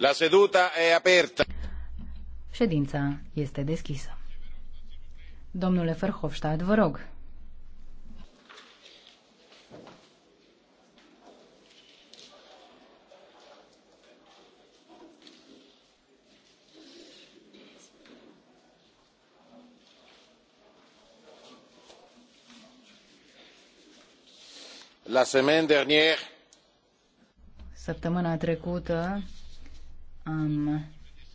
La seduta e aperta. Ședința este deschisă. Domnule Ferhofstadt, vă rog. La semaine dernière, Săptămâna trecută, am